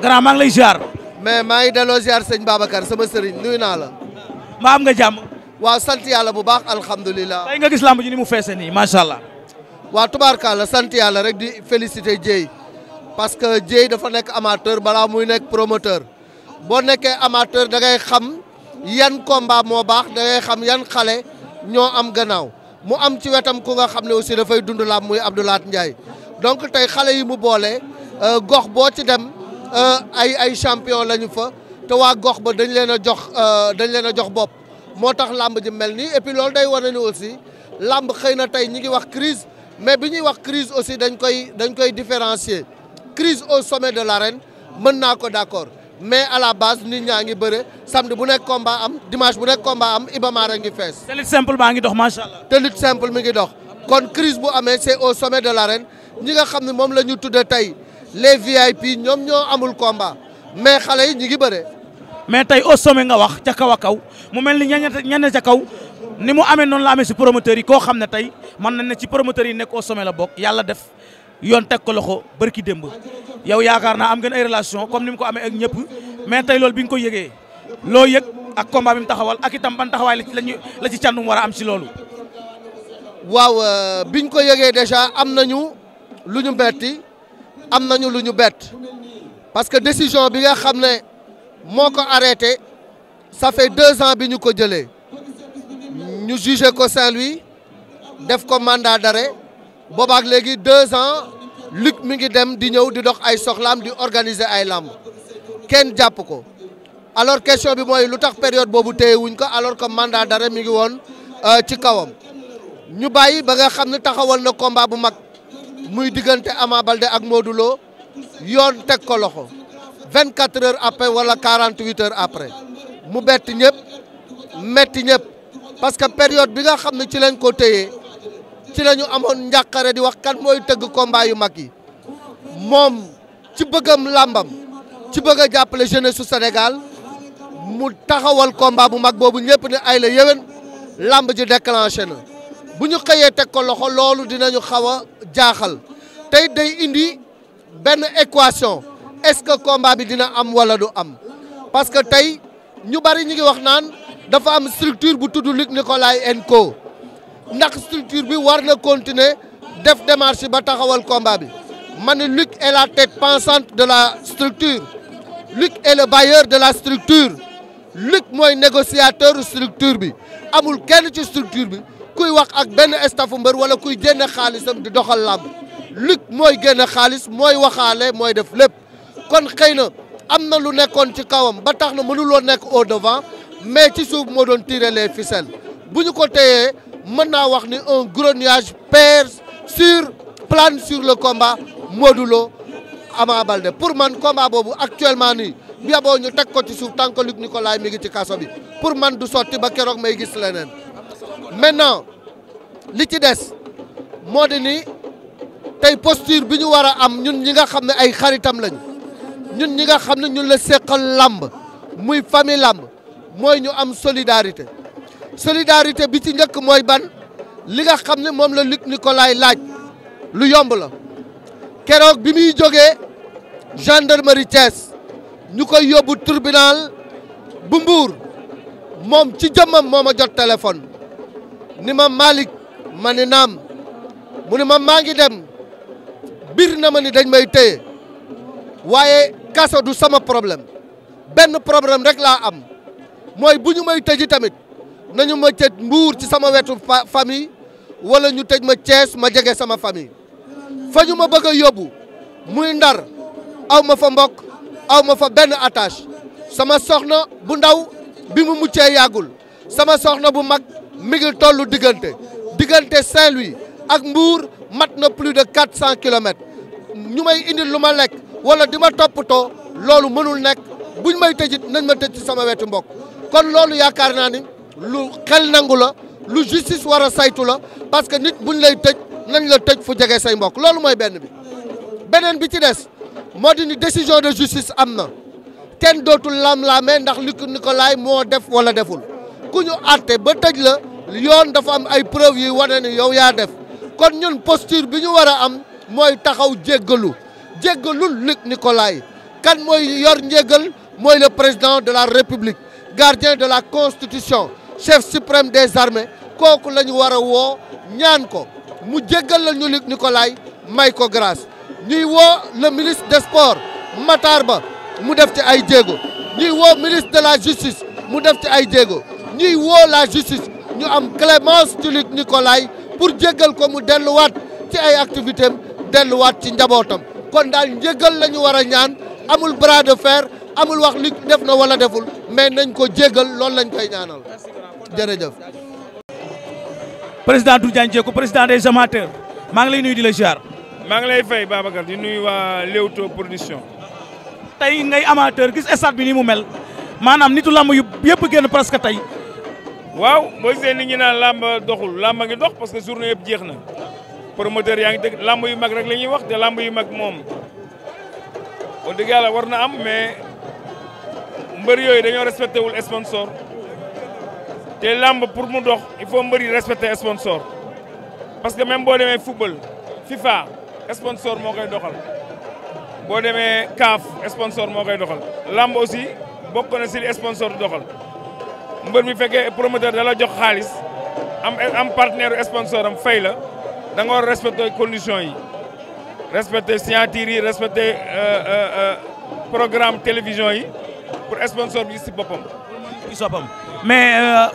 grand maa ngi lay ziar. mais maa ngi delloo ziar sëñ Babacar sama sëriñ nuyu naa la. maa am nga jàmm. waaw sant yàlla bu baax alhamdulilah. tey nga gis lamb ji ni mu feese nii macha allah. waaw tubaarkàlla sant yàlla rek di féliciter Dieye parce que Dieye dafa nekk amateur balaa muy nekk promoteur boo nekkee amateur da ngay xam yan combat moo baax da ngay xam yan xale ñoo am gannaaw mu am ci wetam ku nga xam ne aussi dafay dund lamb muy Abdoulaat Ndiaye donc tey xale yi mu boole euh, gox boo ci dem. Euh, ay ay champion lañu fa te waa gox ba dañu leen a jox euh, dañ leen a jox bopp moo tax làmb ji mel nii et lool day wane ni aussi làmb xëy na tey ñi ngi wax crise mais bi ñuy wax crise aussi dañ koy dañ koy différencier crise au sommet de l'arène mën naa ko d'accord mais à la base nit ñaa ngi bëre samedi bu nekk combat am dimanche bu nekk combat am Ibamaara ngi fees. te lutte simple baa ngi dox macha allah. te lutte simple mi ngi dox kon crise bu amee c'est au sommet de la l'arène ñi nga xam ne moom la ñu tuddee tey. les VIP ñoom ñoo amul combat mais xale yi ñu ngi bëre. mais tey au sommet nga wax ca kaw a kaw mu mel ni ñenn ca kaw ni mu amee noonu la amee si promoteurs yi koo xam ne tey mën nañ ne ci promoteurs yi nekk au la bokk yàlla def yoon teg ko loxo barki démb yow yaakaar naa am ngeen ay relation comme ni mu ko amee ak ñëpp mais tey loolu bi nga ko yëgee loo yëg ak combat bi mu taxawal ak itam ban taxawaay la ci la ci càndum war a am si loolu. waaw euh, biñ ko yëgee déjà am nañu lu ñu betti am nañu lu ñu bett parce que décision bi nga xam ne moo ko arrêté ça fait deux ans bi ñu ko jëlee ñu jugé ko Saint-Louis def ko mandat d'arrêt boobaak léegi deux ans Luc mi ngi dem di ñëw di dox ay soxlaam di organiser ay làmb kenn jàpp ko alors question bi mooy lu tax période boobu téye wuñ ko alors que mandat d'arrêt mi ngi woon euh, ci kawam ñu bàyyi ba nga xam ne taxawal na komba bu mag. muy diggante Ama Baldé ak Modou yoon teg ko loxo 24 heures après wala 48 heures après mu bett ñëpp metti ñëpp parce que période bi nga xam ne ci lañ ko téye ci la ñu amoon njàqare di wax kan mooy tëgg combat yu mag yi moom ci bëggam làmbam ci bëgg jàppale jeunesse su Sénégal mu taxawal combat bu mag boobu ñëpp ne ay la yéwén làmb ji déclenché na bu ñu xëyee teg ko loxo loolu dinañu xaw a jaaxal tey day indi benn équation est-ce que combat bi dina am wala du am parce que tey ñu bari ñu ngi wax naan dafa am structure bu tudd Luc Nicolaï and ndax structure bi war na continuer def démarche ba taxawal combat bi ma ne Luc est la tête pensante de la structure Luc est le bailleur de la structure Luc mooy négociateur structure bi amul kenn ci structure bi kuy wax ak benn stafu mbër wala kuy génne xaalisam di doxal làmb Luc mooy génne xaalis mooy waxaale mooy def lépp kon xëy na am na lu nekkoon ci kawam ba tax na mënuloo nekk au devant mais ci suuf moo doon tirer les ficelles bu ñu ko téyee mën naa wax ni un grognage perd sur plane sur le combat Modou Lo Ama Baldé pour man combat boobu actuellement nii bi yaboo ñu teg ko ci suuf tant que Luc Nicolaï mi ngi ci kaso bi pour man du sotti ba keroog may gis leneen. maintenant li ci des moo di ni tey posture bi ñu war a am ñun ñi nga xam ne ay xaritam lañu ñun ñi nga xam ne ñun la seqal làmb muy famille làmb mooy ñu am solidarité solidarité bi ci njëkk mooy ban li nga xam ne moom la Luc Nicolaï laaj lu yomb la keroog bi muy jógee gendarmerie Thiès ñu koy yóbbu tribunal bu Mbour moom ci jëmmam moo ma jot téléphone ni ma malik ma ni naam mu ni ma maa ngi dem bir na ma ni dañ may téye waaye kaso du sama problème benn problème rek laa am mooy bu ñu may tëji tamit nañu ma tëj mbuur ci sama wetu famille wala ñu tëj ma Thiès ma jege sama famille fa ñu ma bëgg a yóbbu muy ndar awma fa mbokk awma fa benn attache sama soxna bu ndaw bi mu muccee yàggul sama soxna bu mag mi ngi tollu diggante diggante Saint-Louis ak Mbour mat na plus de quatre cent kilomètres ñu may indi lu ma lekk wala di ma toppatoo loolu mënul nekk buñ may tëjit nañ ma tëj ci sama wetu mbokk kon loolu yaakaar naa ni lu xel nangu la lu justice war a saytu la parce que nit buñ lay tëj nañ la tëj fu jege say mbokk loolu mooy benn bi beneen bi ci des moo di ni décision de justice am na kenn dootul lam-laamee ndax li ko ni moo def wala deful ku ba tëj la yoon dafa am ay preuve yuy wane ni yow yaa def kon ñun posture bi ñu war a am mooy taxaw jéggalu jéggalul Luc Nicolaï kan mooy yor njéggal mooy le président de la république gardien de la constitution chef suprême des armées kooku la war a woo ñaan ko mu jéggal la ñu Luc Nicolaï may ko grâce ñuy woo le ministre des sports Matar Ba mu def ci ay jéego ñuy woo ministre de la justice mu def ci ay jéego ñuy woo la justice ñu am clémence Tulit Nicolaï pour jéggal ko mu delluwaat ci ay activité am delluwaat ci njabootam kon daal njéggal la ñu war a ñaan amul bras de fer amul wax li def na wala deful mais nañ ko jéggal loolu lañ koy ñaanal jërëjëf. président Doudou ko président des amateurs maa ngi lay nuy di la ziar. maa ngi lay fay Babacar di nuyu waa Leewtoo production. tey ngay amateur gis stade bi ni mu mel maanaam nitu lamb yu yëpp génn presque tey waaw boo gisee nit ñi naan làmb doxul làmb ngi dox parce que journée yëpp jeex na promoteur yaa ngi dëgg làmb yu mag rek la ñuy wax te làmb yu mag moom wax dëgg yàlla war na am mais mbër yooyu dañoo respecté wul sponsor te làmb pour mu dox il faut mbër yi respecté sponsor parce que même boo demee football FIFA sponsor moo koy doxal boo demee CAF sponsor moo koy doxal làmb aussi bokk na si li sponsor doxal mbër mi fekkee promoteur da la jox xaalis am am partenaire sponsor am fay la da nga war respecter conditions yi respecter signature yi respecter euh, euh, euh, programme télévision yi pour sponsor bi si boppam. ci soppam mais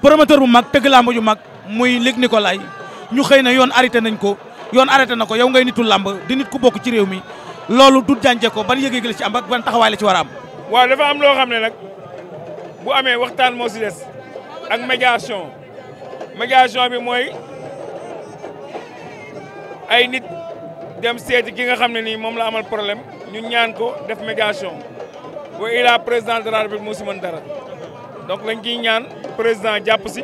promoteur bu mag tëgg làmb ju mag muy Luc Nicolaï ñu xëy na yoon arrêté nañ ko yoon arrêté na ko yow ngay nitul làmb di nit ku bokk ci réew mi loolu du jànje ko ban yëg la ci am ban taxawaay la ci war a am. am loo xam ne nag. bu amee waxtaan moo si des ak médiation médiation bi mooy ay nit dem seeti ki nga xam ne nii moom la amal problème ñu ñaan ko def médiation wa ila président de la république moo si mën dara donc lañ ciy ñaan président jàpp si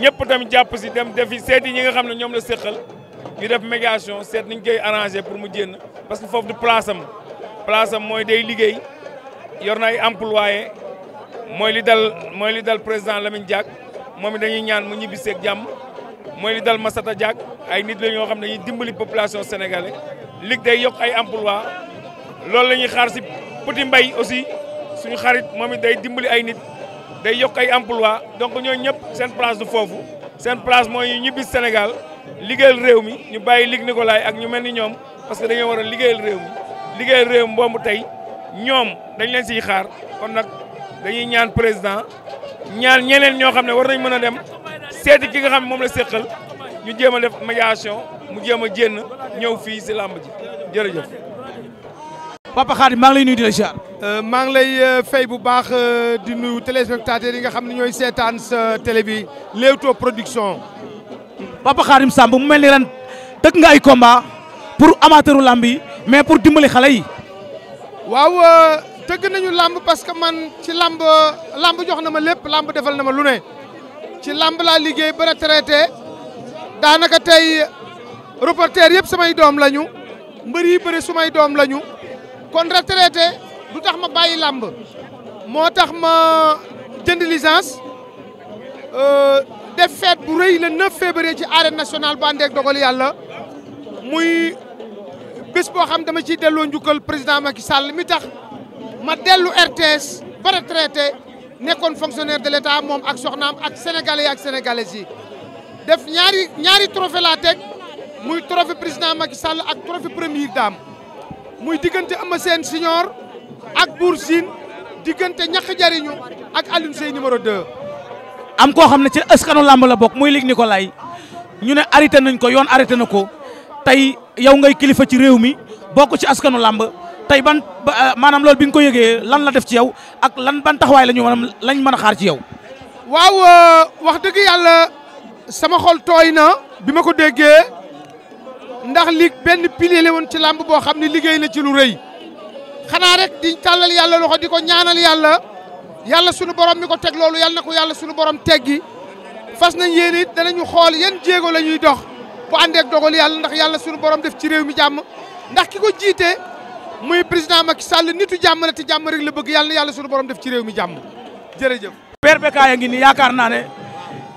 ñëpp tamit jàpp si dem defi seeti ñi nga xam ne ñoom la séqal ñu def médiation seet niñ koy arrangé pour mu jénn parce que foofu du place am place am mooy day liggéey yor na ay employé mooy li dal mooy li dal président Lamine Diack moom it dañuy ñaan mu ñibbisee ak jàmm mooy li dal Massata Diack ay nit la ñoo xam ne dañuy dimbali population sénégalaise lig day yokk ay emploi loolu la ñuy xaar si Petit Mbay aussi suñu xarit moom it day dimbali ay nit day yokk ay emploi donc ñoo ñëpp seen place du foofu seen place mooy ñibbi Sénégal liggéeyal réew mi ñu bàyyi Luc Nicolaï ak ñu mel ni ñoom parce que dañoo war a liggéeyal réew mi liggéeyal réew mi boobu tey ñoom dañ leen siy xaar kon nag dañuy ñaan président ñaan ñeneen ñoo xam ne war nañ mën a dem seeti ki nga xam ne moom la séqal ñu jéem a def médiation mu jéem a jénn ñëw fii si làmb ji jërëjëf. Papa Khadim maa ngi lay nuyu di la ziar. Euh, maa ngi lay euh, fay bu baax euh, di nuyu téléspectateurs yi nga xam ne ñooy seetaan télé bi to production. Papa Khadim Samb mu mel ni ren tëgg nga ay combat pour amateuru làmb yi mais pour dimbali xale yi. waaw. tëgg nañu làmb parce que man ci làmb làmb jox na ma lépp làmb defal na ma lu ne ci làmb laa liggéey ba retraité daanaka tey reporter yëpp samay doom lañu mbër yi bëri sumay doom lañu kon retraité du tax ma bàyyi làmb moo tax ma jënd licence euh, def fête bu rëy le 9 février ci arène nationale bu àndeek dogal yàlla muy bés boo xam dama ciy delloo njukal président Macky Sall mi tax ma dellu RTS ba retraité nekkoon fonctionnaire de l'État moom ak soxnaam ak sénégalais ak sénégalaises yi def ñaari ñaari trophée muy trophée président Macky Sall ak trophée première dame muy diggante Ama Sène Senior ak Bour Sine diggante ñax jariñu ak Alioune Seye numéro 2. am koo xam ne ci askanu làmb la bokk muy Luc Nicolaï ñu ne arrêté nañ ko yoon arrêté na ko tey yow ngay kilifa ci réew mi. bokk ci askanu làmb tey ban eh, maanaam lool bi nga ko yëgee lan la def ci yow ak lan ban taxawaay la ñu maanaam lañ mën a xaar ci yow. waaw eh, wax dëgg yàlla sama xol tooy na bi ma ko déggee ndax li benn pilier la woon ci làmb boo xam ne liggéey na ci lu rëy xanaa rek di tàllal yàlla loxo di ko ñaanal yàlla yàlla sunu borom mi ko teg loolu yàlla na ko yàlla sunu borom teggi fas nañ yéen it danañu xool yan jéego la ñuy dox bu àndeek dogal yàlla ndax yàlla sunu borom def ci réew mi jàmm. ndax ki ko jiite muy président Macky Sall nit jàmm la te jàmm rek la bëgg yàlla na yàlla suñu borom def ci réew mi jàmm jërëjëf. père Becaye a ngi nii yaakaar naa ne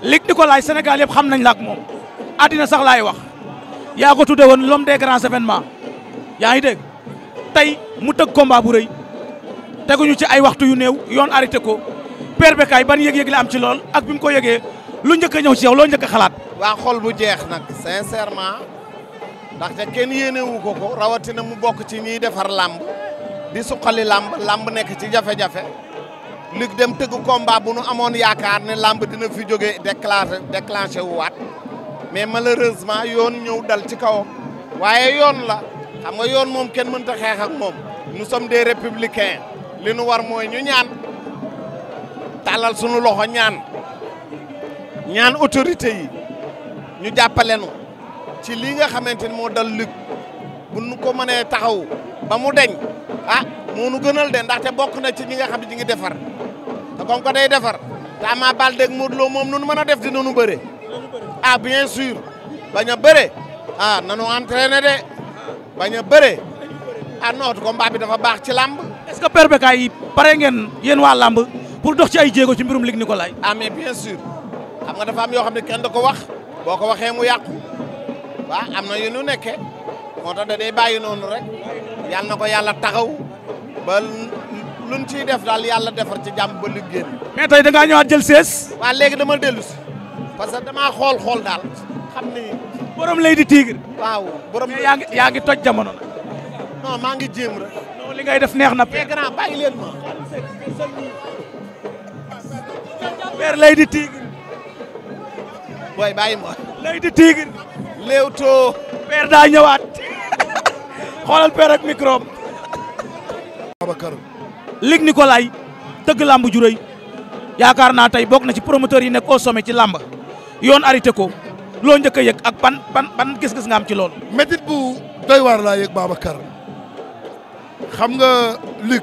lig di ko laaj Sénégal yëpp xam nañ la moom àddina sax laay wax yaa ko tudde woon l'homme des grands événements yaa ngi dégg tey mu tëgg combat bu rëy teguñu ci ay waxtu yu néew yoon arrêté ko père Becaye ban yëg-yëg la am ci lool ak bi mu ko yëgee lu njëkk ñëw ci yow loo njëkk xalaat. waa xol bu jeex nag sincèrement. ndaxte kenn yéenewu ko ko rawatina mu bokk ci ñiy defar làmb di suqali làmb làmb nekk ci jafe-jafe lig dem tëgg combat bu nu amoon yaakaar ne làmb dina fi jógee déclenché déclenché wu waat mais malheureusement yoon ñëw dal ci kawam waaye yoon la xam nga yoon moom kenn mënta xeex ak moom nous sommes des républicains li nu war mooy ñu ñaan tàllal sunu loxo ñaan ñaan autorité yi ñu jàppale nu ci lii nga xamante ni moo dal Luc bu nu ko mënee taxaw ba mu deñ ah moo nu gënal de ndaxte bokk na ci ñi nga xam ne ñu ngi defar te comme ko day defar te Ama Baldé ak Modou moom nu mën a def dina noonu bëre. ah bien sûr bañ a bëre ah nanu entraîné de bañ a bëre ah non combat bi dafa baax ci làmb. est-ce que PRBK yi pare ngeen yéen waa làmb pour dox ci ay jéego ci mbirum Luc Nicolaï. ah mais bien sûr xam nga dafa am yoo xam ne kenn da ko wax boo ko waxee mu yàqu. waaw am na yu nu nekke moo tax da day bàyyi noonu rek yàlla na ko yàlla taxaw ba luñ ciy def daal yàlla defar ci jàmm ba liggéey mais tey da ngaa ñëwaat jël sees. waaw léegi dama dellu parce que damaa xool xool daal xam borom lay di tigre. waaw borom mais yaa ngi toj jamono nag. non maa ngi jéem rek. li ngay def neex na. mais eh, grand bàyyi leen ma. père lay di tigre. booy bàyyi ma. lay di tigre. Leewtoo. père daa ñëwaat xoolal père ak microbe. Babacar. Luc Nicolaï tëgg làmb ju rëy yaakaar naa tey bokk na ci promoteur yi nekk au sommet ci làmb yoon arrêté ko loo njëkk a yëg ak ban ban ban gis-gis nga am ci loolu. métit bu doy waar laa yëg Babacar xam nga Luc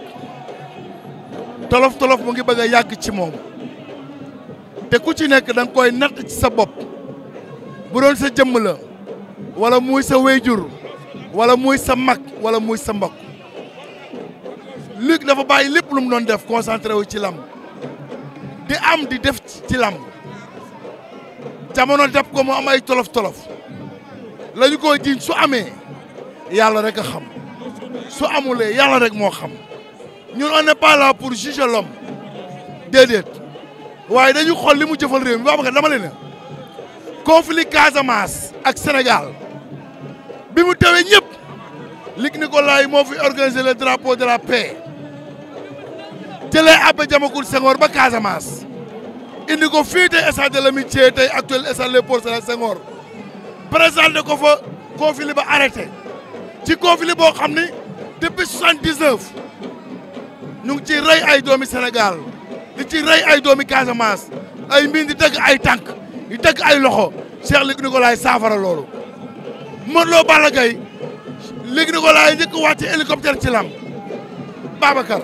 tolof tolof mu ngi bëgg a yàgg ci moom te ku ci nekk da nga koy natt ci sa bopp bu doon sa jëmm wala muy sa wéyjur wala muy sa mag wala muy sa mbokk Luc dafa bàyyi lépp lu mu doon def concentré wu ci lamb di am di def ci lamb jamono def ko mu am ay tolof tolof lañu ñu ko jiñ su amee yàlla rek a xam su amulee yàlla rek moo xam ñun on n'est pas là pour juger l'homme déedéet waaye dañu xool li mu jëfal réew mi baax dama leen conflit Casamance ak Sénégal bi mu tawee ñëpp Luc Nicolaï moo fi organisé le drapeau de la paix jëlee Abbé Diamacoune Senghor ba Casamance indi ko fii tey stade de l'amitié tey actuel stade Léopold Sédar Senghor ko fa conflit ba arrêté ci conflit boo xam ni depuis 79 ñu ngi ci rey ay doomi Sénégal di ci rey ay doomi Casamance ay mbind di dëgg ay tànk di teg ay loxo Cheikh Luc Nicolaï saafara loolu Modou Lo Balla Gaye Luc Nicolaï njëkk wàcce hélicoptère ci lam Babacar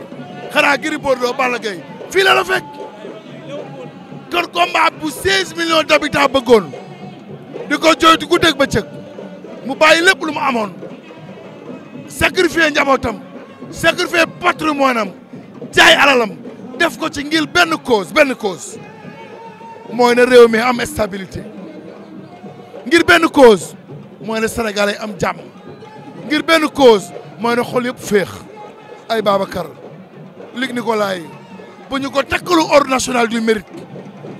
xanaa Gris Bordeaux Balla Gaye fii la la fekk kon combat bu 16 millions d'habitants bëggoon di ko jooytu guddeeg bëccëg mu bàyyi lépp lu mu amoon sacrifier njabootam sacrifier patrimoine am jaay alalam def ko ci ngir benn cause benn cause mooy na réew am estabilité ngir benn cause mooy na sénégalais am jàmm ngir benn cause mooy na xol yëpp feex ay Babacar Luc Nicolaï bu ñu ko takkalu ordre national du mérite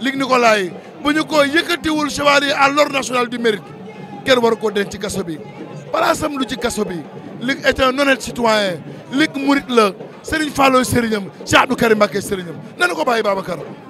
Luc Nicolaï bu ñu ko yëkkatiwul chevalier à l'ordre national du mérite kenn war koo denc ci kaso bi palaasam lu ci kaso bi Luc est un honnête citoyen Luc murit la Serigne Fallou sëriñam Cheikh Abdou Karim Mbacké sëriñam nanu ko bàyyi Babacar